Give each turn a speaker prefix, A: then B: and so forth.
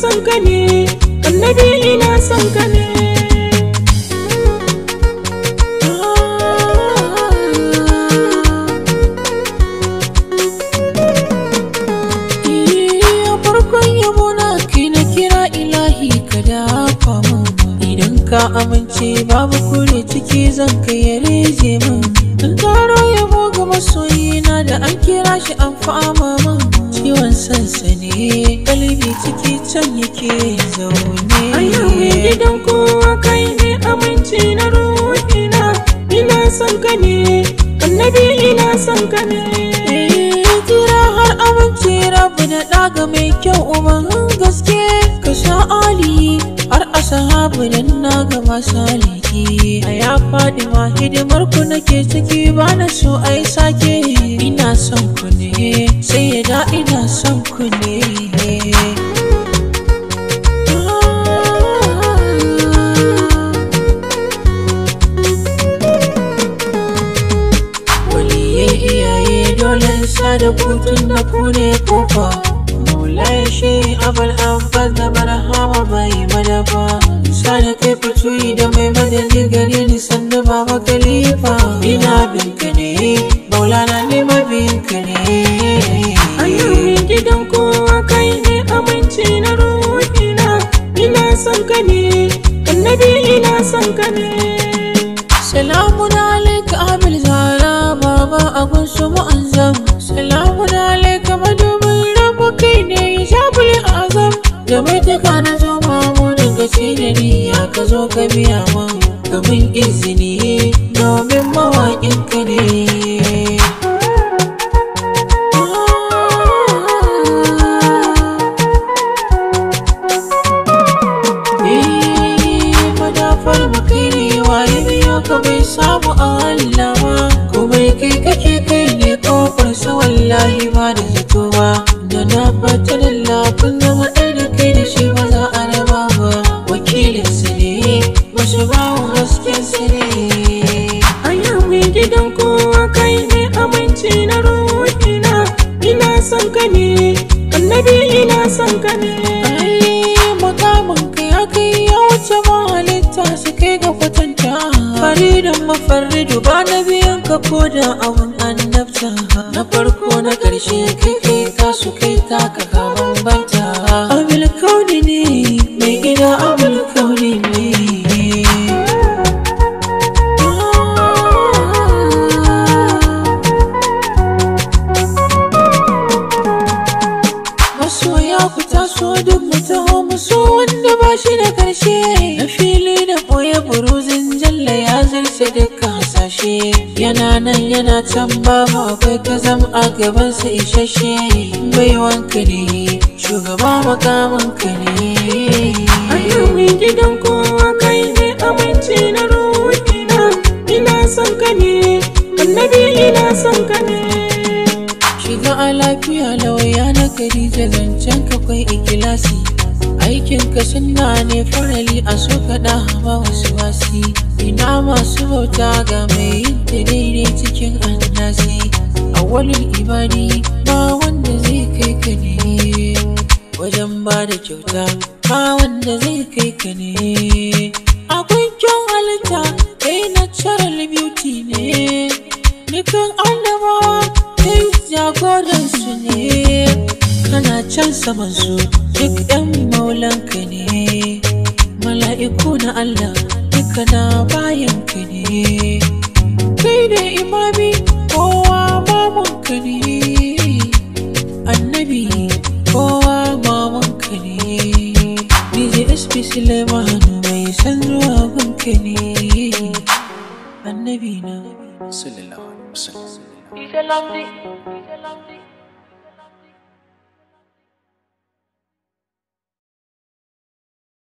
A: son ka ne annabi ina son ah. eh, ka ne
B: ka amince babu kure ciki zan kai ya reje min in taro yabo ga na da an kira shi an fama min ciwon sansa ne kalbi ciki can
A: yake zaune Ayawi gidan kowa kai ne aminci na ruhina Ina son ka ne, annabi ina son ka ne
B: Kira eh, har aminci rabu da daga mai kyau uban gaske Ka sha ali har a sahabu nan na ga A ya faɗi ma hidimar ku nake ciki ba na so ai sake Ina son ku ka da kutun da kune kofa Mulai shi abal abbas da barhama bai madafa Sani kai fitoyi da mai madadi gare ni sanda ba kalifa Ina bin ka ne, maulana ne mabin ka ne
A: gidan kowa kai ne aminci na ruhina Ina son ka ne, annabi ina son ka ne
B: Salamun alaikum abil zara baba abun su Jami duka na zo mamunin ka da niyya ka zo ka biya man domin izini domin mawaƙin ka ne. Eh, ka samu a Allah ba, kuma kai kake kai ne kofar su wallahi ba da zato
A: a yau mai gidan kowa kai ne aminci na ruhina ina son ka ne annabi ina son ka ne
B: makamin ka ya kai ya wuce ma halitta su kai ga kwatanta faridan mafarridu ba na biyan ka ko da awon annabta na farko na karshe kai kai ka su kai ta ka bambanta abil kauni ne so wanda ba shi da karshe na fili da boye buruzin jalla ya zarce dukkan hasashe yana nan yana can babu akwai kazam a gabansa isasshe wanka ne shugaba makamanka
A: ne Allah mai gidan kowa kai ne aminci na ruhina ina son ka ne annabi ina son ka ne
B: shiga a lafiya lauya na gari zancen kakwai ikilasi aikinka suna ne farali a so kaɗa ba wasu wasi ina masu bauta ga mai yin daidai cikin annasi a walin ibadi ba wanda zai kai ka ne wajen ba da kyauta ba wanda zai kai ka ne akwai kyan halitta kai natural beauty ne dukan annabawa kai jagoransu ne kana can saman su duk ka ne mala'iku na Allah duka na bayanka ne kai da imami kowa mamanka ne annabi kowa mamanka ne DJ SP Suleimanu mai san zuwa gunka ne annabi na sallallahu alaihi
A: wasallam